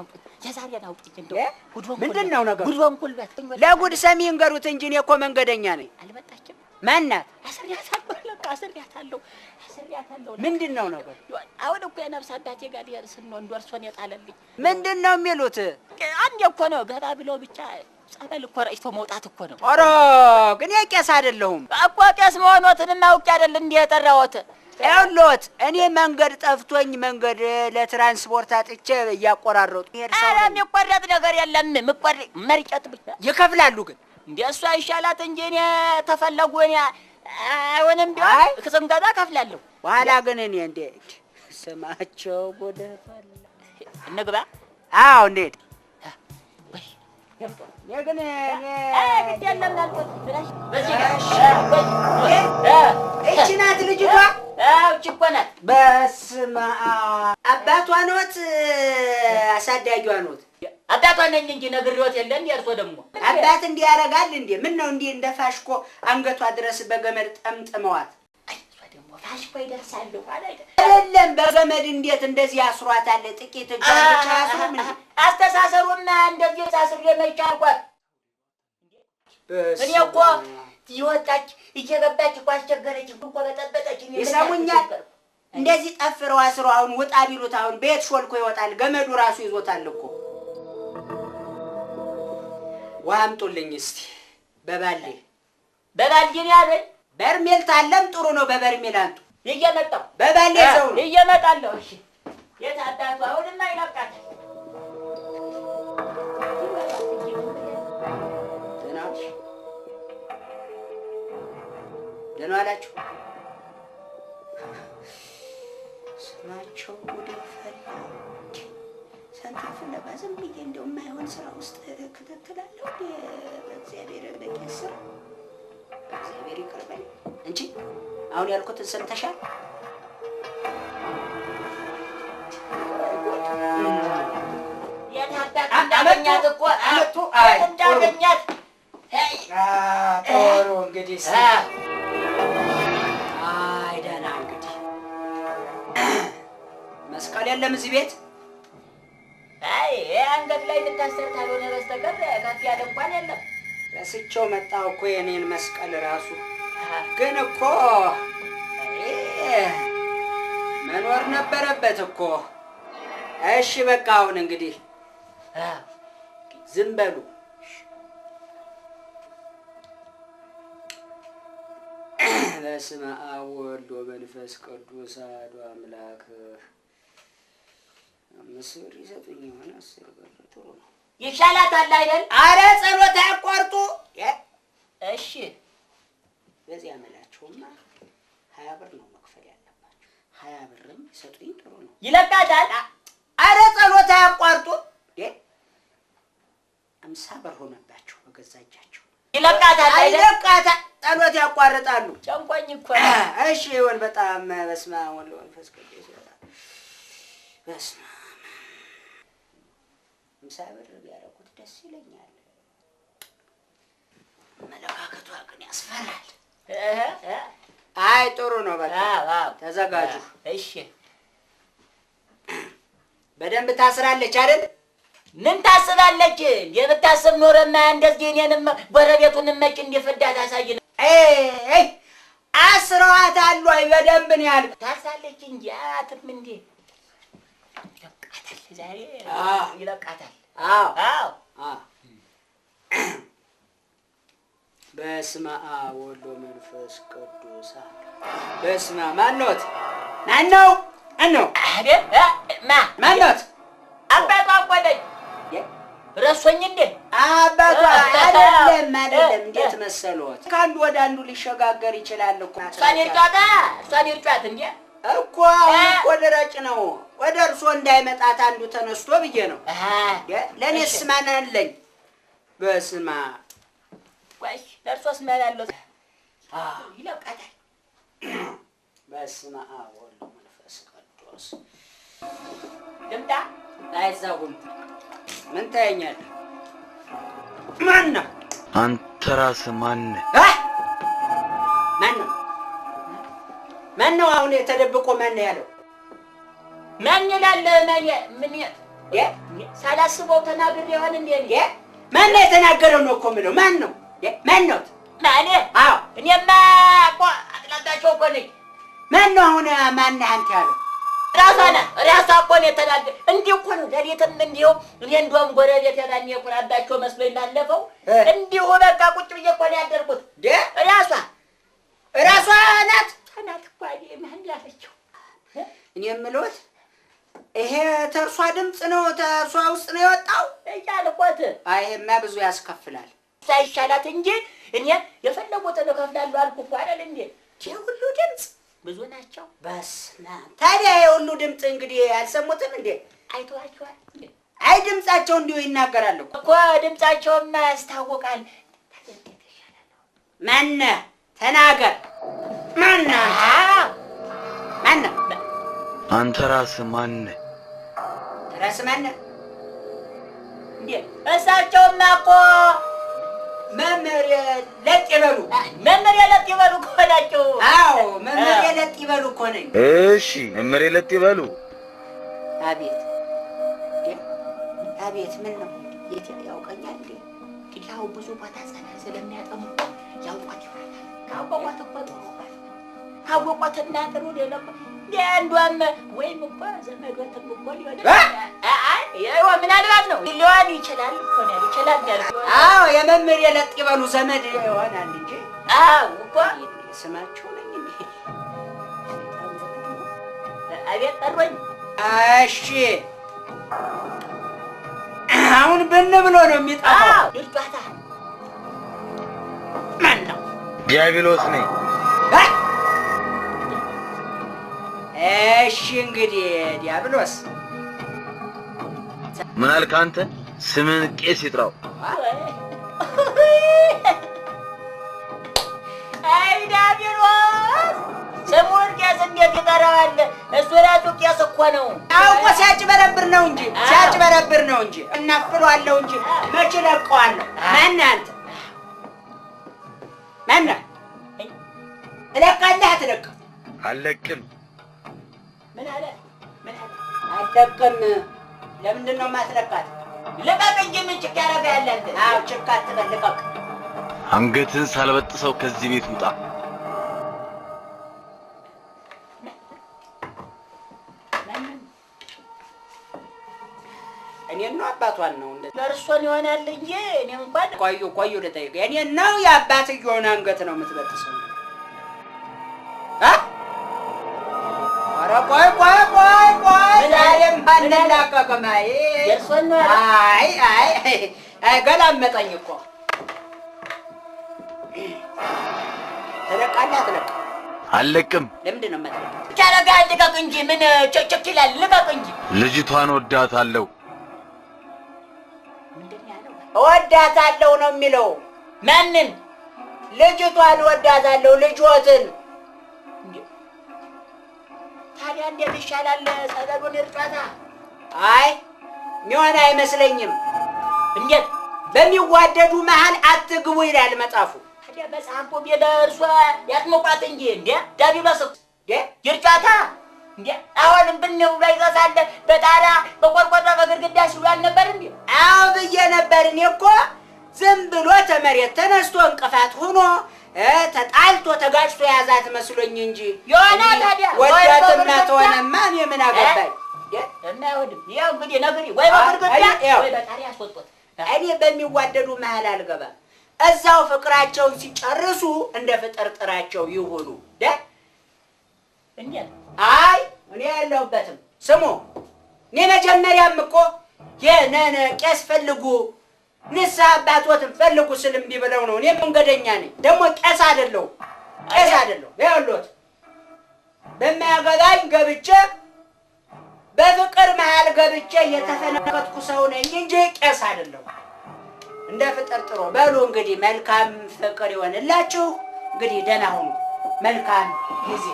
አውጡኝ፣ የዛሬን አውጡኝ። ምንድን ነው ነገሩ? ለጉድ ሰሚ እንገሩት እንጂ እኔ እኮ መንገደኛ ነኝ። አልመጣችም። ማናት? አስሬያታለሁ፣ አስሬያታለሁ፣ ምንድን ነው ነገሩ? አሁን እኮ አባቴ ጋር ሊደርስን ነው። የጣለልኝ ምንድን ነው የሚሉት? እኮ ነው ብቻ ጸበል እኮ ረጭቶ መውጣት እኮ ነው። ግን አይደለሁም እኮ ቄስ አይደል እንዲህ የጠራዎት ያውሎት እኔ መንገድ ጠፍቶኝ መንገድ ለትራንስፖርት አጥቼ እያቆራረጡ ኧረ የሚቆረጥ ነገር የለም። ምቆረጥ መርጨት ብቻ ይከፍላሉ። ግን እንደ እሷ ይሻላት እንጂ እኔ ተፈለጉ እኔ አይሆንም ቢሆን ክስም ገዛ ከፍላለሁ። በኋላ ግን እኔ እንደ ስማቸው ጎደ እንግባ። አዎ እንሂድ። እቺ ናት ልጅቷ እውጭ እኮ ናት። በስመ አብ አባቷ ኖት አሳዳጊዋ ኖት። አባቷ ነኝ እንጂ ነግሬዎት የለ እንዲ እርሶ ደግሞ አባት እንዲህ ያደርጋል እንዴ? ምን ነው እንዲህ እንደ ፋሽኮ አንገቷ ድረስ በገመድ ጠምጥመዋት ደግሞ ፋሽኮ ይደርሳለሁ አይደለም። በገመድ እንዴት እንደዚህ አስሯታል? ጥቂት እጇ አስሩም አስተሳሰሩና እንደዚህ ሳስሬ መቻልኳት እኔ እኮ እየወጣች እየገባች እኮ አስቸገረች እኮ በጠበጠች። ይሰሙኛል። እንደዚህ ጠፍረው አስሮ አሁን ውጣ ቢሉት አሁን ቤት ሾልኮ ይወጣል? ገመዱ ራሱ ይዞታል እኮ። ውሃ አምጡልኝ እስቲ በባልዴ በባልዴ ያለ በርሜል ታለም ጥሩ ነው። በበርሜል አንጡ። እየመጣሁ በባልዴ ሰው እየመጣለሁ። እሺ የት አባቱ አሁንማ ይነቃል። ደህና ዋላችሁ። ስማቸው ወደ ፈላ ሰንቲፍ ለባ ዝም ብዬ እንደው የማይሆን ስራ ውስጥ እከተተላለሁ። በእግዚአብሔር በቄስ ስራ በእግዚአብሔር ይቅር እንጂ አሁን ያልኩትን ሰምተሻል? እንዳገኛት እኮ እንዳገኛት ቶሎ እንግዲህ ይዤው መጣሁ እኮ የኔን መስቀል ራሱ። ግን እኮ መኖር ነበረበት እኮ። እሺ በቃ አሁን እንግዲህ ዝም በሉ። በስመ አብ ወወልድ ወመንፈስ ቅዱስ አሐዱ አምላክ። አምስት ብር ይሰጡኝ የሆነ አስር ብር ጥሩ ነው። ይሻላታል አይደል? አረ ጸሎት አያቋርጡ። እሺ በዚህ አመላችሁማ ሀያ ብር ነው መክፈል ያለባችሁ። ሀያ ብርም ሰጡኝ። ጥሩ ነው ይለቃታል። አረ ጸሎት አያቋርጡ። አምሳ ብር ሆነባችሁ በገዛ እጃችሁ። ይለቃታል አይለቃታል። ጸሎት ያቋርጣሉ። ጨንቆኝ እኮ እሺ ይሁን። በጣም በስመ አብ ወወልድ ወመንፈስ ቅዱስ በስመ ምሳ ብር ቢያደርጉት ደስ ይለኛል። መለካከቷ ግን ያስፈራል። አይ ጥሩ ነው። በቃ ተዘጋጁ። እሺ፣ በደንብ ታስራለች አይደል? ምን ታስባለች? የምታስብ ኖረማ እንደዚህ እኔንም ጎረቤቱን መጭ እንዲፈዳ ታሳይ ነው። አስረዋት አሉ። አይ በደንብ ነው ያልኩት። ታሳለች እንጂ አትም እንዴ ይለቃታል። ዛሬ ይለቃታል። አዎ በስመ አብ ወወልድ ወመንፈስ ቅዱስ። በስመ አብ ማነው? ማነው? አባቷ እንዴ? አባቷ አይደለም አይደለም። እንዴት መሰሎት? ከአንዱ ወደ አንዱ ሊሸጋገር ይችላል እኮ እሷን ይርጫት፣ እሷን ይርጫት እንዴ እኮ አሁን እኮ ልረጭ ነው። ወደ እርሶ እንዳይመጣት አንዱ ተነስቶ ብዬ ነው። ለእኔስ አለኝ? በስማ ቆይ፣ አለው? በስማ መንፈስ ቅዱስ ልምጣ። አይዛጉም። ምን ማን ነው አንተ? ማን ማን ነው ማን ነው አሁን ተደብቆ ማን ያለው? ማን ይላል? ማን ሳላስበው ተናግር ይሆን እንዴ? ማን ነው የተናገረው? ነው እኮ የምለው ማን ነው? ማን ነው? ማን? አዎ እኔማ እኮ አጥላታቸው እኮ ነኝ። ማን ነው አሁን? ማን አንተ ያለው? ራሷ እኮ ነው የተናገረ። እንዲህ እኮ ነው ለሌትም እንዲሁ እኔ እንደውም ጎረቤት ያላን የቁራባቸው መስሎኝ ባለፈው እንዲሁ በቃ ቁጭ ብዬ እኮ ነው ያደርኩት ራሷ ያለችው። እኔ የምልዎት ይሄ ተርሷ ድምፅ ነው ተርሷ ውስጥ ነው የወጣው እያልኮት። አይ ይሄማ ብዙ ያስከፍላል። ሳይሻላት እንጂ እኔ የፈለጉትን እከፍላለሁ አልኩ እኮ አይደል እንዴ? ይሄ ሁሉ ድምፅ ብዙ ናቸው። በስመ ታዲያ ይሄ ድምፅ እንግዲህ አልሰሙትም እንዴ? አይተዋቸዋል አይ ድምጻቸው እንዲሁ ይናገራል እኮ ድምጻቸውማ ያስታውቃል። ማነህ? ተናገር ማነህ? ማን ነው አንተ? ራስህ ማን ነህ? ራስህ ማን እሳቸውማ እኮ መምህር ለጥ ይበሉ መምህር ለጥ ይበሉ አዎ መምህር ለጥ ይበሉ እኮ ነኝ። እሺ መምህር ለጥ ይበሉ። አቤት አቤት፣ ምን ነው የት ያውቀኛል ያው ብዙ ቦታ ስለሚያጠሙ ያውቋት ይሆናል። ካወቋት እኮ ጥሩ አወቋት እናንተ ነው ሌላ የአንዷም ወይም እኮ ዘመዶትም እኮ ሊሆን ምናልባት ነው ሊሆን ይችላል ይችላል። አዎ የመምህር የለጥ ይበሉ ዘመድ ይሆናል እንጂ አዎ እኮ ስማችሁ ነኝ። አቤት ጠሮኝ። እሺ አሁን ብን ብሎ ነው የሚጠፋው። ልጫታ ማን ነው? ዲያብሎስ ነኝ። እሺ እንግዲህ ዲያብሎስ ምን አልክ አንተ? ስምን ቄስ ይጥራው። አይ ዲያብሎስ ስሙን ቄስ እንዴት ይጠራዋል? እሱ ራሱ ቄስ እኮ ነው። አውቆ ሲያጭበረብር ነው እንጂ ሲያጭበረብር ነው እንጂ እናፍሏለሁ እንጂ መቼ ለቀዋለሁ። ማን አንተ? ማን እለቃለህ አትለቅም? አለቅም ምን አለ ምን አለ? አልለቅም። ለምንድን ነው የማስለቃት? ልቀቅ እንጂ ምን ችግር ያደርጋል? አንተ አዎ፣ ችግር አትበል፣ ልቀቅ። አንገትህን ሳልበጥሰው ከዚህ ቤት ውጣ። እኔን ነው አባቷን ነው ለእርሶን ይሆናል እንጂ እኔ እንኳን ቆዩ ቆዩ ልጠይቅ እኔን ነው የአባትየውን አንገት ነው የምትበጥሰው እ ኧረ ቆይ ቆይ ቆይ ቆይ ዛሬማ እንላቀቅም። አይ አይ አይ ገላመጠኝ እኮ ትለቃለህ ልቀቅ እንጂ ምን ቸክቸክ ይላል? ልቀቅ እንጂ። ልጅቷን ወዳታለሁ። ምንድን ነው የሚለው። ማንን? ልጅቷን ወዳታለሁ። ልጅዎትን ታዲያ እንዴት ይሻላል? ጸበሉን እርጫታ። አይ ሚሆን አይመስለኝም። እንዴት በሚዋደዱ መሀል አትግቡ ይላል መጽሐፉ። ታዲያ መጽሐፉ ቢደርሷ ያጥምቋት እንጂ እንዴ ዳቢሎስ እንዴ ይርጫታ እንዴ አሁንም ብንው ላይ በጣራ በቆርቆሮ በግድግዳ ሲሉ አልነበር እንዴ? አዎ ብዬ ነበር እኔ እኮ ዝም ብሎ ተመሬት ተነስቶ እንቅፋት ሆኖ ተጣልቶ ተጋጭቶ የያዛት መስሎኝ እንጂ የሆነ ታዲያ ወዳትና ተሆነማ እኔ ምን አገባኝ። እና ይኸውልህ እንግዲህ ነገር ወይ በግርግዳ ወይ በጣሪ አስወጡት። እኔ በሚዋደዱ መሀል አልገባም። እዛው ፍቅራቸውን ሲጨርሱ እንደ ፍጥርጥራቸው ይሁኑ። ደ እንዴ አይ እኔ ያለሁበትም ስሙ እኔ መጀመሪያም እኮ የነነ ቄስ ፈልጉ ንስሐ አባቶትን ፈልጉ ስል እምቢ ብለው ነው። እኔ መንገደኛ ነኝ፣ ደግሞ ቄስ አይደለሁም። ቄስ አይደለሁም። ይኸውልዎት በማያገባኝ ገብቼ በፍቅር መሀል ገብቼ የተፈነከትኩ ሰው ነኝ እንጂ ቄስ አይደለሁም። እንደ ፍጥር ጥሮ በሉ እንግዲህ መልካም ፍቅር ይሆንላችሁ። እንግዲህ ደህና ሁኑ። መልካም ጊዜ